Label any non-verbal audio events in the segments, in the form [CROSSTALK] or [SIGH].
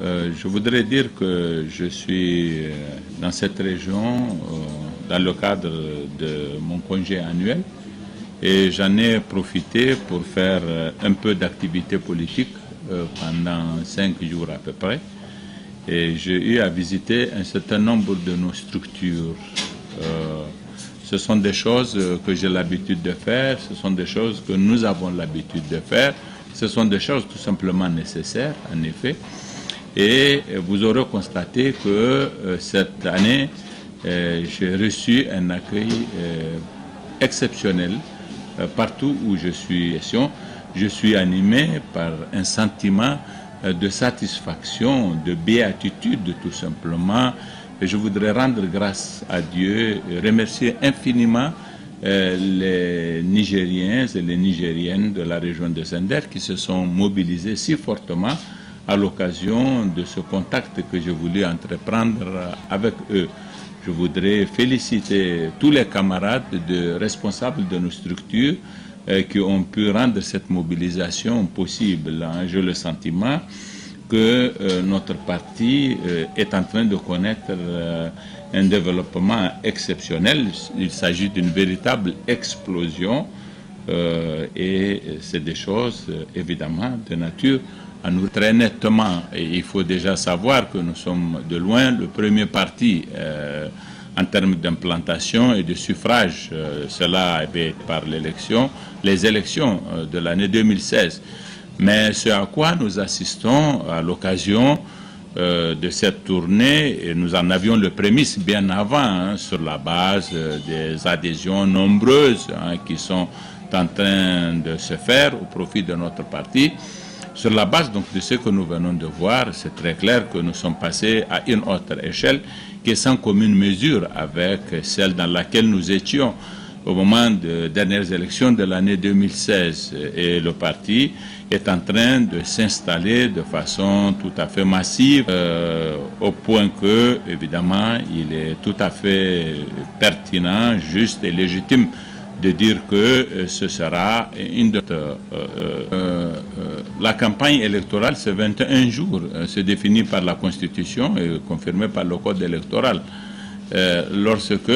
Euh, je voudrais dire que je suis euh, dans cette région euh, dans le cadre de mon congé annuel et j'en ai profité pour faire un peu d'activité politique pendant cinq jours à peu près. Et j'ai eu à visiter un certain nombre de nos structures. ce sont des choses que j'ai l'habitude de faire, ce sont des choses que nous avons l'habitude de faire, ce sont des choses tout simplement nécessaires, en effet. Et euh, vous aurez constaté que euh, cette année, euh, j'ai reçu un accueil exceptionnel partout où je suis. Je suis animé par un sentiment de satisfaction, de béatitude tout simplement. Et je voudrais rendre grâce à Dieu, remercier infiniment les Nigériens et les Nigériennes de la région de Sender qui se sont mobilisés si fortement à l'occasion de ce contact que je voulu entreprendre avec eux. Je voudrais féliciter tous les camarades de, responsables de nos structures euh, qui ont pu rendre cette mobilisation possible. Hein. J'ai le sentiment que euh, notre parti euh, est en train de connaître un développement exceptionnel. Il s'agit d'une véritable explosion et c'est des choses évidemment de nature à nous très nettement. Et il faut déjà savoir que nous sommes de loin le premier parti euh, en termes d'implantation et de suffrage. Euh, cela avait par l'élection, les élections euh, de l'année 2016. Mais ce à quoi nous assistons à l'occasion de cette tournée, et nous en avions le prémisse bien avant, hein, sur la base des adhésions nombreuses hein, qui sont en train de se faire au profit de notre parti, sur la base donc de ce que nous venons de voir, c'est très clair que nous sommes passés à une autre échelle qui est sans commune mesure avec celle dans laquelle nous étions au moment des dernières élections de l'année 2016 et le parti est en train de s'installer de façon tout à fait massive euh, au point que, évidemment, il est tout à fait pertinent, juste et légitime de dire que euh, ce sera euh, une de, euh, la campagne électorale, c'est 21 jours. C'est défini par la Constitution et confirmé par le Code électoral. lorsque,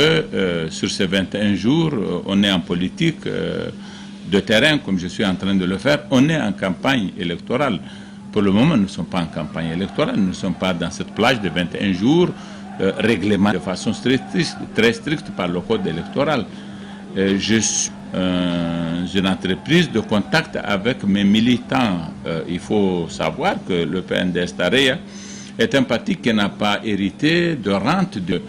sur ces 21 jours, on est en politique de terrain, comme je suis en train de le faire, on est en campagne électorale. Pour le moment, nous ne sommes pas en campagne électorale, nous ne sommes pas dans cette plage de 21 jours, réglementée de façon très stricte par le Code électoral. Euh, je suis une entreprise de contact avec mes militants. Euh, il faut savoir que le PNDS Tareya est un parti qui n'a pas hérité de rente, de,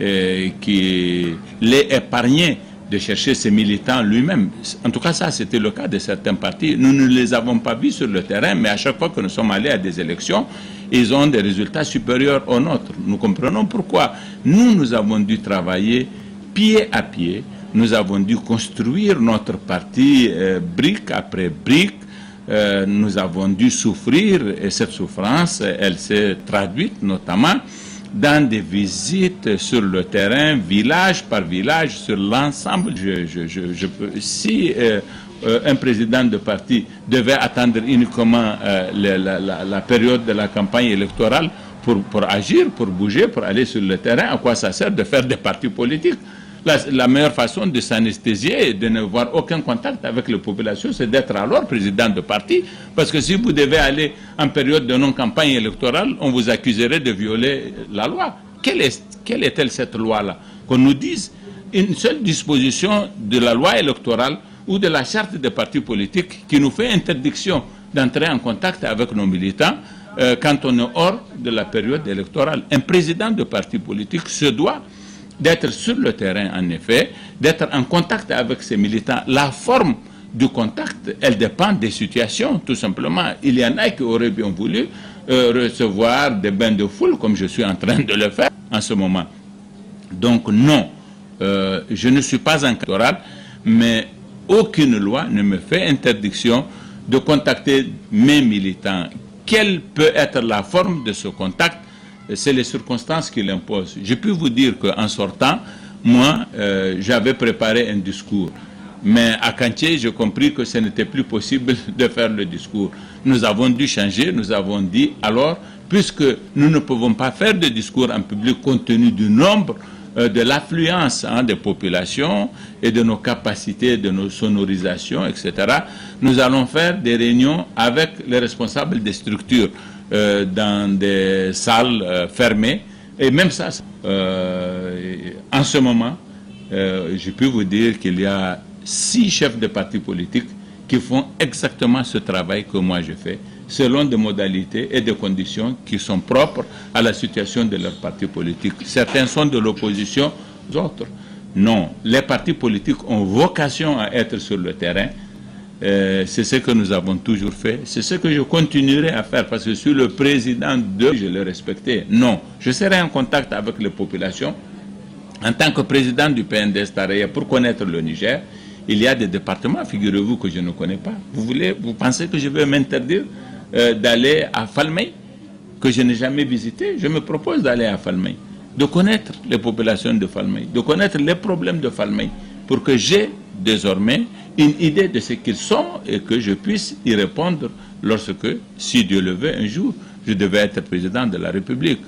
euh, qui l'est épargné de chercher ses militants lui-même. En tout cas, ça, c'était le cas de certains partis. Nous ne les avons pas vus sur le terrain, mais à chaque fois que nous sommes allés à des élections, ils ont des résultats supérieurs aux nôtres. Nous comprenons pourquoi. Nous, nous avons dû travailler pied à pied nous avons dû construire notre parti euh, brique après brique. Euh, nous avons dû souffrir et cette souffrance, elle s'est traduite notamment dans des visites sur le terrain, village par village, sur l'ensemble. Je, si euh, un président de parti devait attendre uniquement la, la période de la campagne électorale pour, pour agir, pour bouger, pour aller sur le terrain, à quoi ça sert de faire des partis politiques la, meilleure façon de s'anesthésier et de ne voir aucun contact avec la population, c'est d'être alors président de parti. Parce que si vous devez aller en période de non-campagne électorale, on vous accuserait de violer la loi. Quelle est est cette loi-là Qu'on nous dise une seule disposition de la loi électorale ou de la charte des partis politiques qui nous fait interdiction d'entrer en contact avec nos militants euh, quand on est hors de la période électorale. Un président de parti politique se doit d'être sur le terrain, en effet, d'être en contact avec ces militants. La forme du contact, elle dépend des situations, tout simplement. Il y en a qui auraient bien voulu euh, recevoir des bains de foule, comme je suis en train de le faire en ce moment. Donc non, euh, je ne suis pas un mais aucune loi ne me fait interdiction de contacter mes militants. Quelle peut être la forme de ce contact c'est les circonstances qui l'imposent. Je peux vous dire qu'en sortant, moi, euh, j'avais préparé un discours. Mais à Cantier, j'ai compris que ce n'était plus possible [LAUGHS] de faire le discours. Nous avons dû changer, nous avons dit, alors, puisque nous ne pouvons pas faire de discours en public compte tenu du nombre, euh, de l'affluence hein, des populations et de nos capacités, de nos sonorisations, etc., nous allons faire des réunions avec les responsables des structures. Euh, dans des salles euh, fermées. Et même ça, euh, en ce moment, je peux vous dire qu'il y a six chefs de partis politiques qui font exactement ce travail que moi je fais, selon des modalités et des conditions qui sont propres à la situation de leur parti politique. Certains sont de l'opposition, d'autres non. Les partis politiques ont vocation à être sur le terrain, euh, c'est ce que nous avons toujours fait. C'est ce que je continuerai à faire parce que je suis le président de... Je le respectais. Non. Je serai en contact avec les populations. En tant que président du PNDS Taraya, pour connaître le Niger, il y a des départements, figurez-vous, que je ne connais pas. Vous, voulez, vous pensez que je vais m'interdire euh, d'aller à Falmey, que je n'ai jamais visité Je me propose d'aller à Falmey, de connaître les populations de Falmey, de connaître les problèmes de Falmey, pour que j'ai désormais une idée de ce qu'ils sont et que je puisse y répondre lorsque, si Dieu le veut, un jour, je devais être président de la République.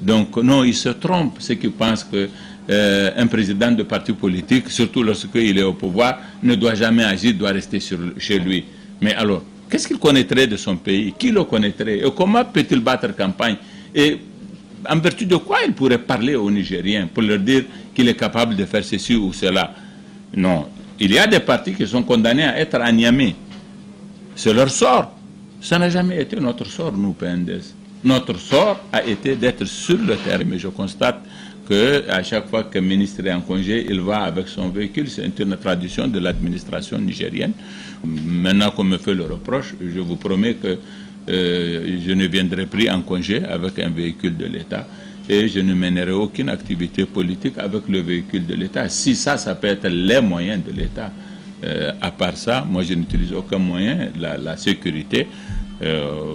Donc non, il se trompe ceux qui pensent qu'un euh, président de parti politique, surtout lorsqu'il est au pouvoir, ne doit jamais agir, doit rester chez lui. Mais alors, qu'est-ce qu'il connaîtrait de son pays Qui le connaîtrait Et comment peut-il battre campagne Et en vertu de quoi il pourrait parler aux Nigériens pour leur dire qu'il est capable de faire ceci ou cela Non, il y a des partis qui sont condamnés à être à C'est leur sort. Ça n'a jamais été notre sort, nous, PNDS. Notre sort a été d'être sur le terrain. Mais je constate qu'à chaque fois qu'un ministre est en congé, il va avec son véhicule. C'est une tradition de l'administration nigérienne. Maintenant qu'on me fait le reproche, je vous promets que euh, je ne viendrai plus en congé avec un véhicule de l'État et je ne mènerai aucune activité politique avec le véhicule de l'État. Si ça, ça peut être les moyens de l'État. Euh, à part ça, moi, je n'utilise aucun moyen. La, sécurité, euh,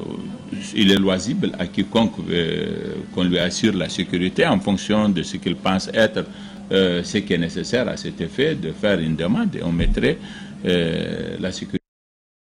il est loisible à quiconque euh, qu'on lui assure la sécurité en fonction de ce qu'il pense être euh, ce qui est nécessaire à cet effet, de faire une demande et on mettrait euh, la sécurité.